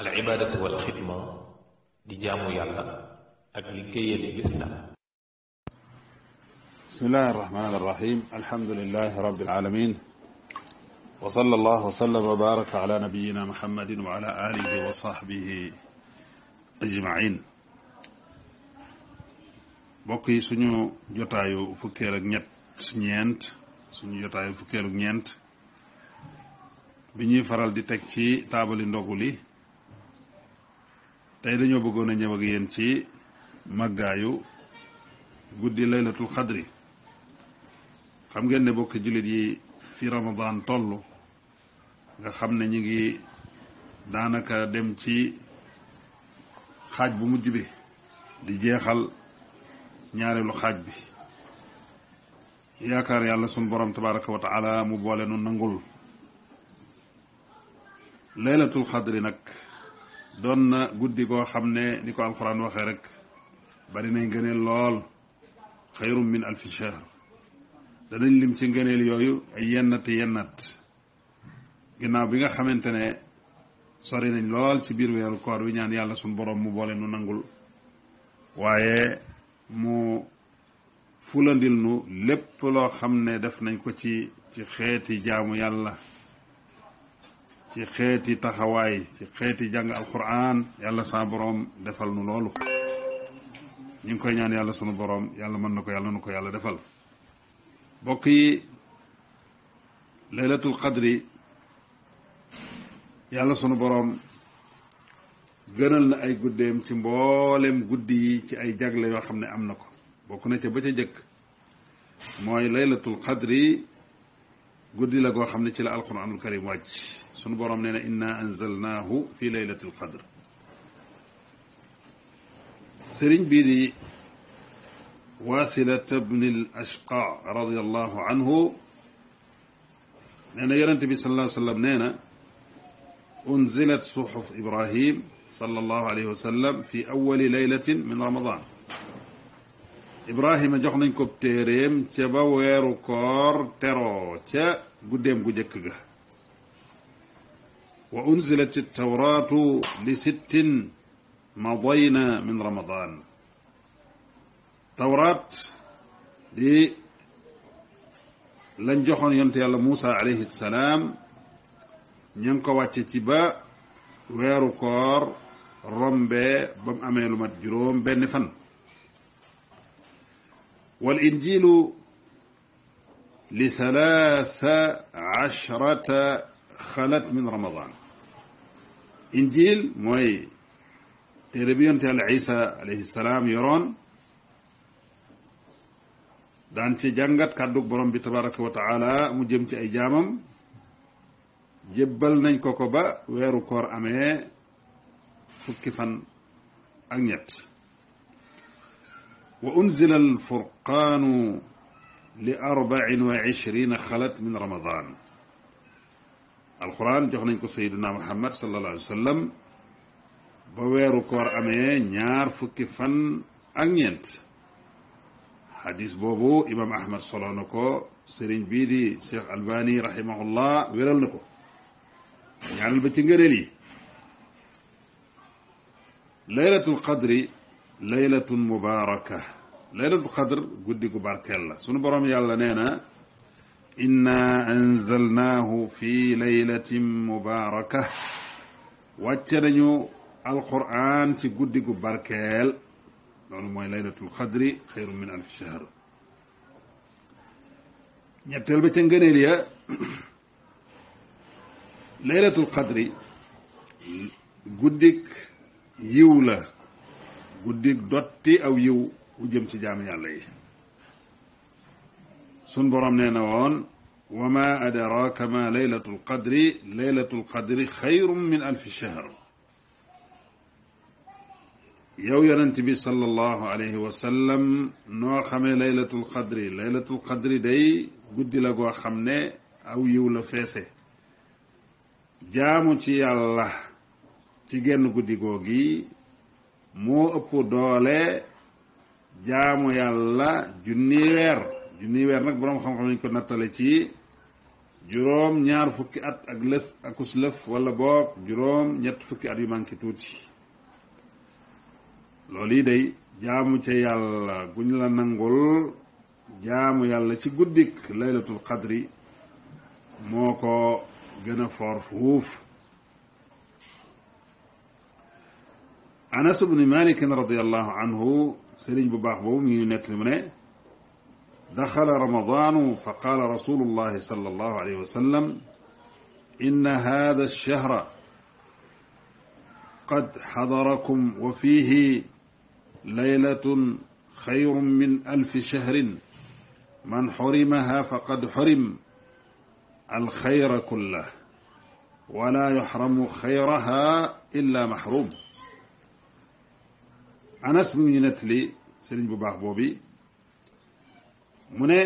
al ibaadatu wal xidma di jaamu yàlla ak liggéeyal lislaam bismillahi arrahmani arrahim alhamdulilahi rabbil alamin wa sallallahu yi suñu jotaayu fukkeel ak ñett faral di teg ci taabali ndogu li tey dañoo bëggoon a ñëw ak yéen ci màggaayu guddi laylatul xadri xam ngeen ne bokk jullit yi fi ramadan toll nga xam ne ñu ngi daanaka dem ci xaaj bu mujj bi di jeexal ñaareelu xaaj bi yaakaar yàlla sunu borom tabaraka wa mu boole nu nangul laylatul xadri nag doon na guddi koo xam ne ni ko alxuraan waxee rek bari nay ngëneel lool xayrum min alfi danañ lim ci ngëneel yooyu ay yennati yennat ginnaaw bi nga xamante ne sori nañ lool ci biir weeru koor wi ñaan yàlla suñ borom mu boole nu nangul waaye mu fulandil nu lépp loo xam ne def nañ ko ci ci xeeti jaamu yàlla ci xeeti taxawaay ci xeeti jàng alquran yàlla saa boroom defal nu loolu ñu ngi koy ñaan yàlla sunu boroom yàlla mën na ko yàlla nu ko yàlla defal bokk yi laylatul qadri yàlla sunu boroom gënal ay guddeem ci mbooleem guddi yi ci ay jagle yoo xam ne am na ko bokk na ca ba ca jëkk mooy laylatul qadri guddi la goo xam ne ci la alquranul karim wàcc sunu borom nee na inna anzalnaahu fi laylatil qadr sëriñ bii di wasilata bnil ashqa radiallahu anhu nee na yonente bi sallallahu alayhi wa sallam nee na unzilat suxuf ibrahim sallallahu alayhi wa sallam fi awali laylatin min ramadan ibrahima jox nañ ko téeréem ca ba ca guddeem gu njëkk ga wa unzilat tawraatu li sittin madayna min ramadan tawraat di lañ joxoon yonte yàlla muusa alayhi salaam ñu ngi ko wàcce ci ba weeru koor rombe ba mat juróom benn fan والإنجيل لثلاث عشرة xalat min ramadan injil mooy téere bi yonte yàlla isa alayhi salaam yoroon daan ci jàngat kàddug borom bi tabaraka wa taala mu jëm ci ay jaamam jébbal nañ ko ko ba weeru koor amee fukki fan ak ñett wa unzila alfurqaanu li arbain wa ishrina xalat min ramadan alquran jox nañ ko sayiduna muhammad sallallahu alayhi wa sallam ba weeru koor amee ñaar fukki fan ak ñeent xadis boobu imam ahmad solo na ko sëriñ bii di cheikh albani rahimahullah wéral na ko ñaanal ba ci ngëneel yi laylatul qadri laylatun mubaraka laylatu xadr guddi gu barkeel la sunu boroom yàlla nee na inna anzalnaahu fi laylatin mubaraka wàcce nañu alquran ci guddi gu barkeel loolu mooy laylatul xadri xayru min alfi shahr ñetteel ba ca ngëneel ya laylatul xadri guddik yiw la guddig dotti aw yiw wu jëm ci jaam yàlla yi sun borom nee na woon wa ma adraka ma laylatul qadri laylatul qadri xayrun min alfi shahr yow yonent bi sallallahu alayhi wa sallam noo xamee laylatul qadri laylatul qadri day guddi la goo xam ne aw yiw la feese jaamu ci yàlla ci genn guddi googi moo ëpp doole jaamu yàlla junni weer junni weer nag boroom xam-xam lañ ko nattale ci juróom ñaar fukki at ak lës akus lëf wala boog juróom ñett fukki at yu manqué tuuti loolu yi day jaamu ca yàlla guñ la nangul jaamu yàlla ci guddik laylatul qadri moo ko gën a foor fuuf anas bnu malik radiallahu anhu sëriñ bu baax boobu mi ngi nettali mu ne daxala ramadanu fa qaala rasulu ullahi sal allahu alayhi wa sallam in hada alchahra qad xadarakum wa fiihi laylatun xayrun min alfi chahrin man xurimaha faqad xurim alxayra kullah wala yuxramu xayraha illa maxrum anas mi ngi ñu nettali sëriñ bu baax boobi mu ne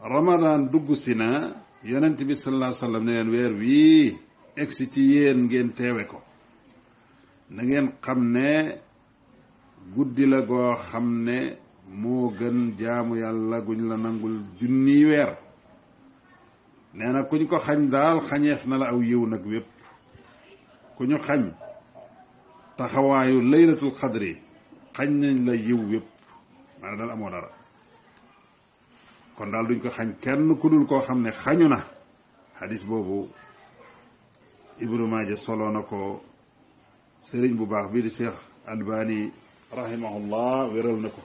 ramadan dugg si na yonent bi sallallahu ne leen weer wii egsi ci yéen ngeen teewe ko na ngeen xam ne guddi la goo xam ne moo gën jaamu yàlla guñ la nangul junniy weer nee na kuñ ko xañ daal xañeef na la aw yiw nag wépp ku ñu xañ taxawaayu laylatul xadri xañ nañ la yiw yépp maanaam daal amoo dara kon daal duñ ko xañ kenn ku dul koo xam ne xañu na xadis boobu ibnu maaja solo na ko sëriñ bu baax bii di seex albani rahimahullah wéral na ko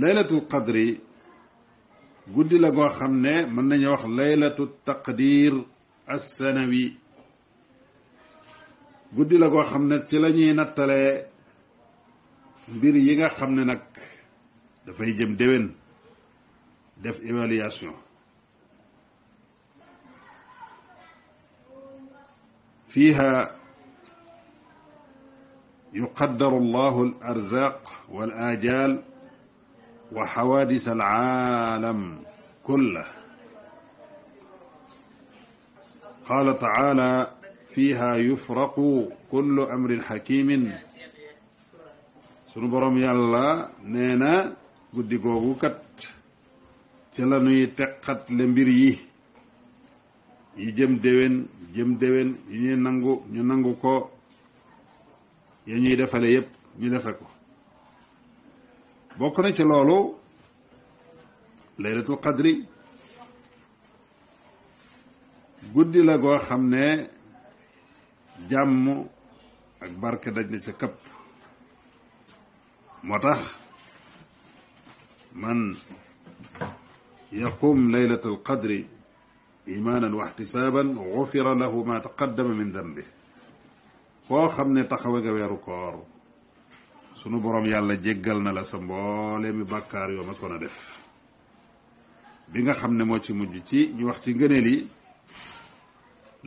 laylatul qadri guddi la goo xam ne mën nañu wax laylatu taqdir assanawi guddi la koo xam ne ci la ñuy nattalee mbir yi nga xam ne nag dafay jëm déwén def évaluation fiiha yuqaddaru allahu al arzaq wal ajal wa xawadis al aalam kulla qaala taala fiiha yufraqu kullu amrin xakimin sunu borom yàlla nee na guddi googu kat ca la mbir yi yi jëm déwén jëm déwén yi ñuy nangu ñu nangu ko ya ñuy defale yépp ñu defe ko bokk na ci loolu laylatul qadri guddi la goo xam ne jàmm ak barke daj na ca këpp tax man yaqum laylat alqadri imaanan wa ixtisaaban gufira lahu ma taqaddama min dambi xam ne taxawe nga weeru koor sunu boroom yàlla jéggal na la sa mboole mi bàkkaar yoo ma soon a def bi nga xam ne moo ci mujj ci ñu wax ci ngëneel yi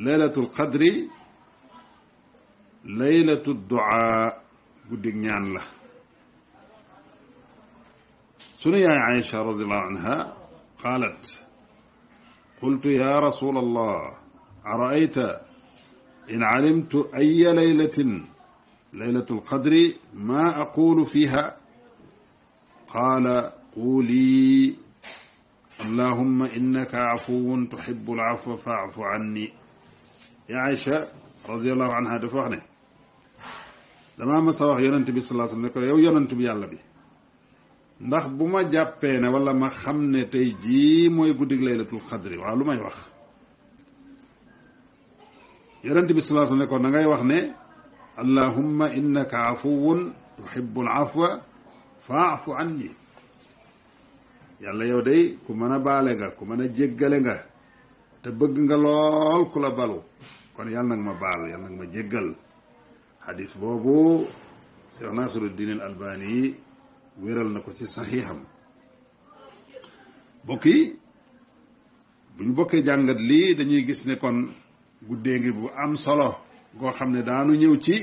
laylatul qadri laylatu duaa guddig ñaan la sunu yaay Aïcha radiallahu anha qaalat qultu ya rasul allah araayta in calimtu aya laylatin laylatu alqadri ma aqulu fiha qaala quuli allahumma innaka afuwun tuhibu alafwa fa afu anni ya Aïcha radiallahu anha dafa wax ne damaa mas a wax yonent bi sallallahu alayhi wasallam ne ko yow yonent bi yàlla bi ndax bu ma jàppee na walla ma xam ne tey jii mooy guddig laylatul xadri waa lu may wax yonent bi sallallahu alayhi wasallam ne ko na ngay wax ne allahumma innaka afuwun tuhibbul afwa fa'fu anni yàlla yow day ku mën a baale nga ku mën a jéggale nga te bëgg nga lool ku la balu kon yàlla nag ma baal yàlla nag ma jéggal xadis boobu Cheikh Nasiruddin al Albani wéral na ko ci saxiixam mbokk yi bu ñu bokkee jàngat li dañuy gis ne kon guddee ngi bu am solo goo xam ne daanu ñëw ci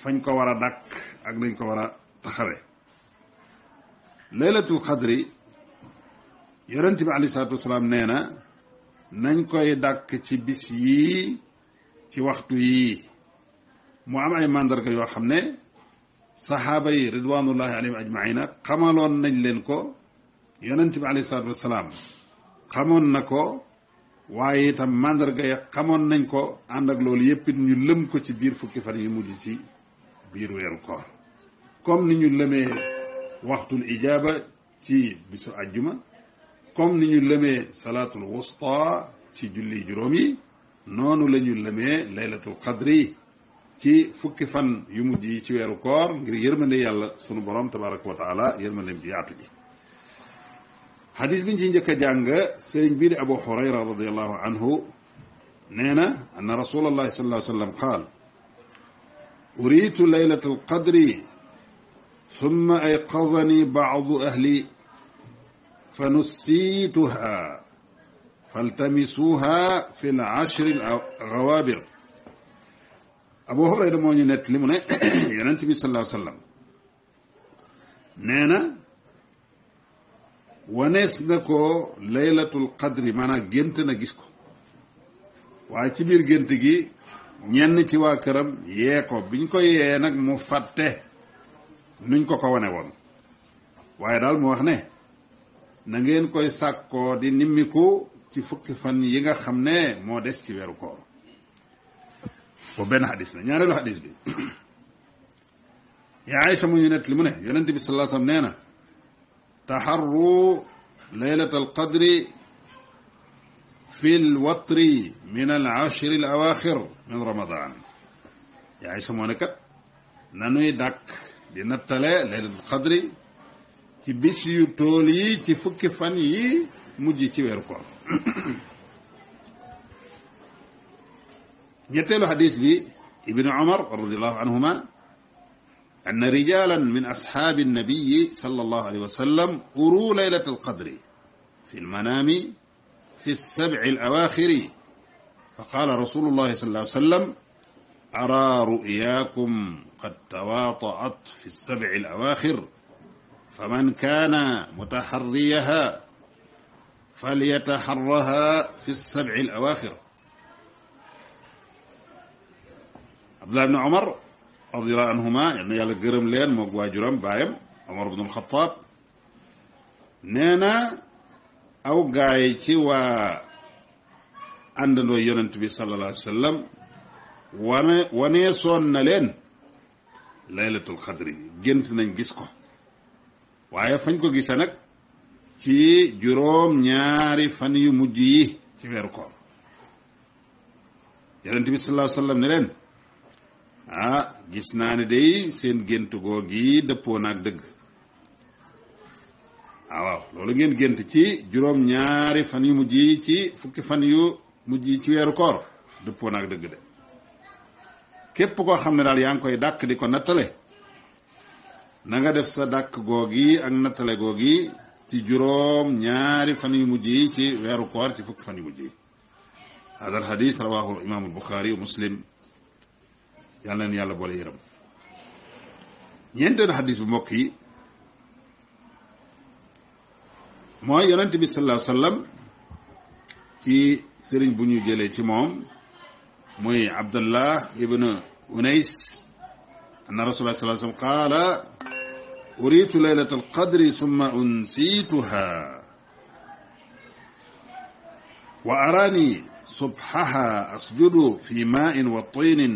fañ ko war a dàkk ak nañ ko war a taxawe laylatul xadri yonent bi aleyhi salaatu wasalaam nee na nañ koy dàkk ci bis yii ci waxtu yii mu am ay màndarga yoo xam ne saxaaba yi ridwanullahi alayhim ajmaina xamaloon nañ leen ko yonent bi alayhi salaatu wasalaam xamoon na ko waaye itam màndarga ya xamoon nañ ko ànd ak loolu yépp it ñu lëm ko ci biir fukki fan yu mujj ci biir weeru koor comme ni ñu lëmee waxtul ijaaba ci bisu àjjuma comme ni ñu lëmee salaatul wusta ci julli juróom yi noonu lañu ñu lëmee laylatul qadri ci fukki fan yu mujj yi ci weeru koor ngir yërmande yàlla sunu borom tabaraka wa taala yërmandeem ji yaatu ji xadis biñ ci njëkk a jàng sëriñ bii di abu hurayra radiallahu anhu nee na anna rasulallahi sallallahu alayhi wa sallam qaal uriitu laylata alqadri summa ayqazani bacdu ahli fa nussiituha faltamisuuha fi lashri algawaabir Abu Hurayra moo ñu nett li mu ne yonent bi sallallahu alayhi wa nee na wanees na ko laylatul qadri maanaam gént na gis ko waaye ci biir gént gi ñenn ci waa këram yee ko biñ ko yee nag mu fàtte nuñ ko ko wane woon waaye daal mu wax ne na ngeen koy sàkkoo di nimmiku ci fukki fan yi nga xam ne moo des ci weeru koor boobu benn xadis la ñaareelu xadis bi yaa Aysa mu ñu li mu ne yonent bi sallallahu alayhi wa sallam nee na taxarru laylat alqadri fi lwatri min al ashri min ramadan yaa Aysa moo ne kat nanuy dàkk di nattale alqadri ci bis yu tool yi fukki fan yi mujj ci weeru koor ñetteelu xadis bi ibnu umar radiallahu anhuma ann rijalan min asxaabi annabiyi sal allahu alayhi wa sallam uru laylat alqadri fi lmanaami fi lsabci alawaaxiri fa qaala rasulu llahi sal allahu sallam araa ru'yaakum qad tawaata'at fi lsabci alawaaxir faman kaana mutaxarriyaha falyataxarraha fi lsabci alawaaxir Abdullah ibn Omar radiallahu anhuma yal na yàlla gërëm leen moog waajuram baayam Omar ibn al-Khattab nee na aw gaay ci waa àndandoo yonent bi sallallahu alayhi wa sallam wane wanee soon na leen laylatul xadri gént nañ gis ko waaye fañ ko gise nag ci juróom ñaari fan yu mujj yi ci weeru koor yonent bi sallallahu alayhi wa sallam ne leen ah gis naa ni day seen gént googi dëppoo naag dëgg ah, waaw loolu ngeen gént ci juróom ñaari fan yu mujj yi ci fukki fan yu mujj yi ci weeru koor dëppoo naag dëgg de képp koo xam ne daal yaa ngi koy dàkk di ko nattale na nga def sa dàkk googi ak nattale googi ci juróom ñaari fan yu mujj yi ci weeru koor ci fukki fan yu mujj yi hadal hadis rawahu imaamul buxaari muslim yàlla na yàlla boole yërëm ñeenteelu xadis bi mbokk yi mooy yonent bi sallallahu alayhi wasallam ci sëriñ bu ñu jëlee ci moom muy abdullah ibn unays anna rasulullah sallallahu alayhi wasallam qaala uriitu laylata alqadri summa unsiituha wa araani subhaha asjudu fi maa'in wa tiinin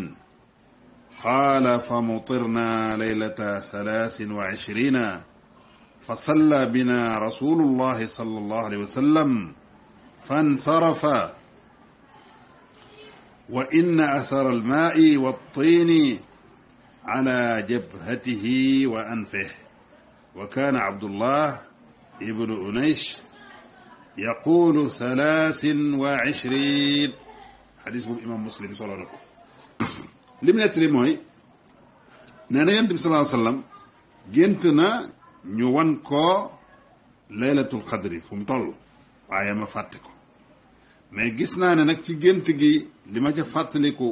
قال فمطرنا ليلة ثلاث وعشرين فصلى بنا رسول الله صلى الله عليه وسلم فانصرف وإن أثر الماء والطين على جبهته وأنفه وكان عبد الله ابن أنيش يقول ثلاث وعشرين حديث الإمام مسلم صلى الله عليه وسلم li mu nettali mooy nee na yonent bi gént na ñu wan ko laylatul xadri fum mu toll waaye ma fàtte ko mais gis naa ne nag ci gént gi li ma ca fàttaliku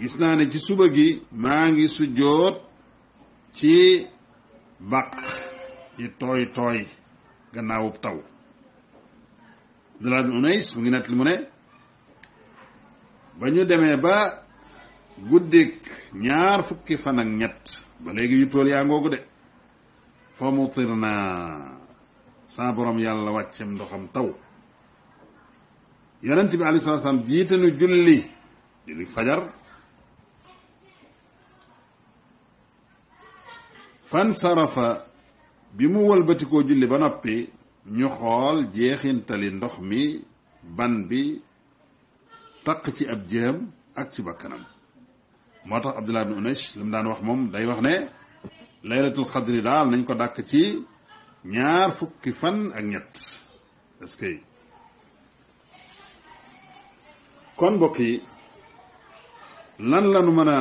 gis naa ne ci suba gi maa ngi sujjóot ci bàq ci tooy tooy gannaawub taw Abdullah bin Unays mu ngi nettali mu ne ba ñu demee ba guddik ñaar fukki fan ak ñett ba léegi yu tool yaa ngoogu de fa mutir naa saa borom yàlla wàccem ndoxam taw yonent bi alayhi salaatu salaam jiite nu julli julli fajar fan sarafa bi mu walbatikoo julli ba noppi ñu xool jeexintali ndox mi ban bi takk ci ab jéem ak ci bakkanam moo tax abdullah ibn unays li mu daan wax moom day wax ne laylatul xadri daal nañ ko dàkk ci ñaar fukki fan ak ñett est kon mbokk yi lan la ñu mën a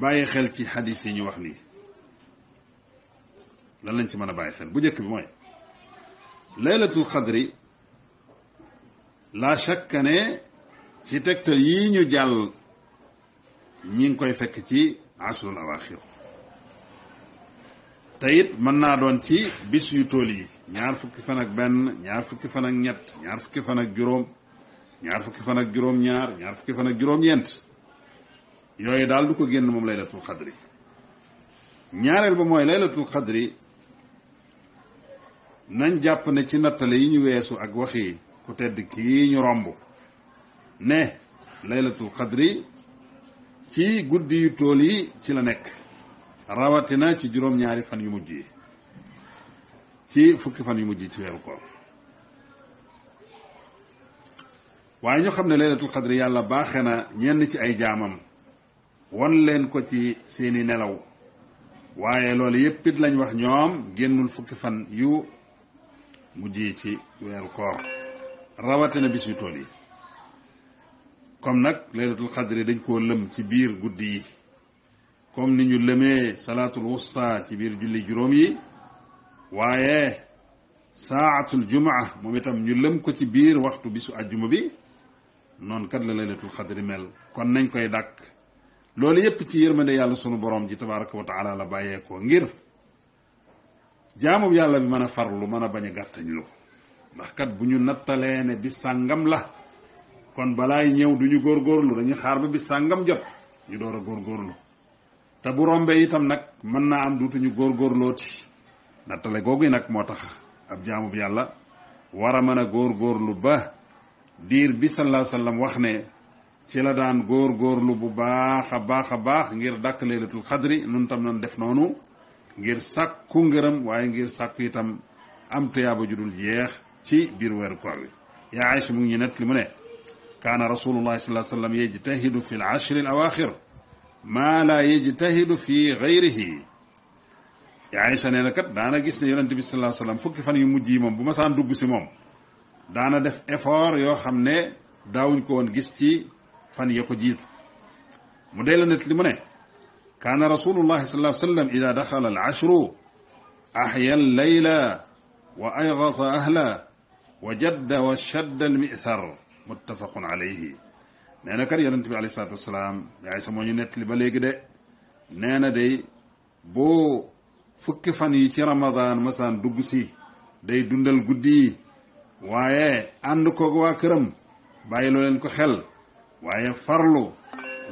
bàyyi xel ci xadis yi ñu wax ni lan lañ ci mën a bàyyi xel bu njëkk bi mooy laylatul xadri la shakka ne ci tegtal yi ñu jàll ñi ngi koy fekk ci asrul awaaxir te mën naa doon ci bis yu tool yi ñaar fukki fan ak benn ñaar fukki fan ak ñett ñaar fukki fan ak juróom ñaar fukki fan ak juróom-ñaar ñaar fukki fan ak juróom-ñeent yooyu daal du ko génn moom laylatul xadri ñaareel ba mooy laylatul xadri nañ jàpp ne ci nattale yi ñu weesu ak waxi ku tedd kii ñu romb ne laylatul xadri ci guddi yu tool yi ci la nekk rawatina ci juróom-ñaari fan yu mujj yi ci fukki fan yu mujj yi ci weeru koor waaye ñu xam ne laylatul xadri yàlla baaxe na ñenn ci ay jaamam wan leen ko ci seeni nelaw waaye loolu yépp it lañ wax ñoom génnul fukki fan yu mujj yi ci weeru koor rawatina bis yu tool yi comme nag laylatul xadri dañ koo lëm ci biir guddi yi comme ni ñu lëmee salaatul wusta ci biir julli juróom yi waaye saatul jumaa moom itam ñu lëm ko ci biir waxtu bisu ajjuma bi noonu kat la laylatul xadri mel kon nañ koy dàkk loolu yépp ci yërmande yàlla sunu boroom ji tabaraka wa la bàyyeekoo ngir jaamu yàlla bi mën a far lu mën a bañ a gàttañ lu ndax kat bu ñu nattalee ne bi sàngam la kon balaay ñëw duñu ñu góorgóorlu dañu xaar ba bi sàngam jot ñu door a góorlu te bu rombee itam nag mën naa am duutuñu góorgóorlooti nattale googu nag moo tax ab jaamub yàlla war a mën a góorgóorlu ba diir bi sallallahu sallam wax ne ci la daan góor góorlu bu baax a baax a baax ngir dàkk leelatul xadri nun tam nan def noonu ngir sàkku ngërëm waaye ngir sàkku itam am tuyaaba ju dul jeex ci biir weeru koor wi yaa Aysa mu ngi li mu ne kaana rasulullahi sallallahu alayhi wa sallam yejtahidu fi al-ashri al-awaaxir maa laa yejtahidu fi gayrihi Aysa nee na kat daana gis ne yonent bi sallallahu alayhi wa sallam fukki fan yu mujj yi moom bu ma saan dugg si moom daana def effort yoo xam ne daawuñ ko woon gis ci fan ya ko jiitu mu dee la nit li mu ne kaana rasulullahi sallallahu alayhi wa sallam ida daxala al-ashru axya al-layla wa aygasa ahla wa jadda wa shadda al-mi'thar muttafaqun alayhi nee na kat yonent salaam alayhi yaay sa moo ñu nettali ba léegi de nee na day boo fan yi ci ramadan masaan dugg si day dundal guddi waaye ànd koog waa këram bàyyi loo leen ko xel waaye farlu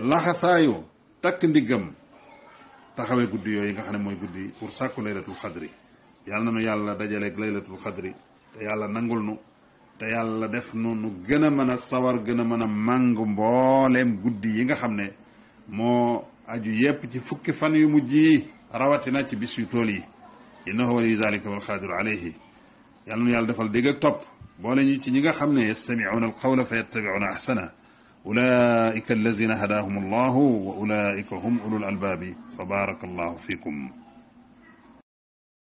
laxasaayu takk ndiggam taxawee guddi yooyu nga xam ne mooy guddi pour sàkku laylatul xadri yàlla na nu yàlla dajaleeg laylatul xadri te yàlla nangul nu te yàlla def noonu gën a mën a sawar gën a mën a màng mbooleem guddi yi nga xam ne moo aju yépp ci fukki fan yu mujj yi rawatina ci bis yu tool yi innahu waliyu zalika walqaadiru alayhi yàlla nu yàlla defal dégg ak topp boole ñu ci ñi nga xam ne yastamicuuna alqawla fa yattabicuuna axsana ulaika allazina hadaahum allahu wa ulaika hum ulul albaabi fa baraka allahu fikum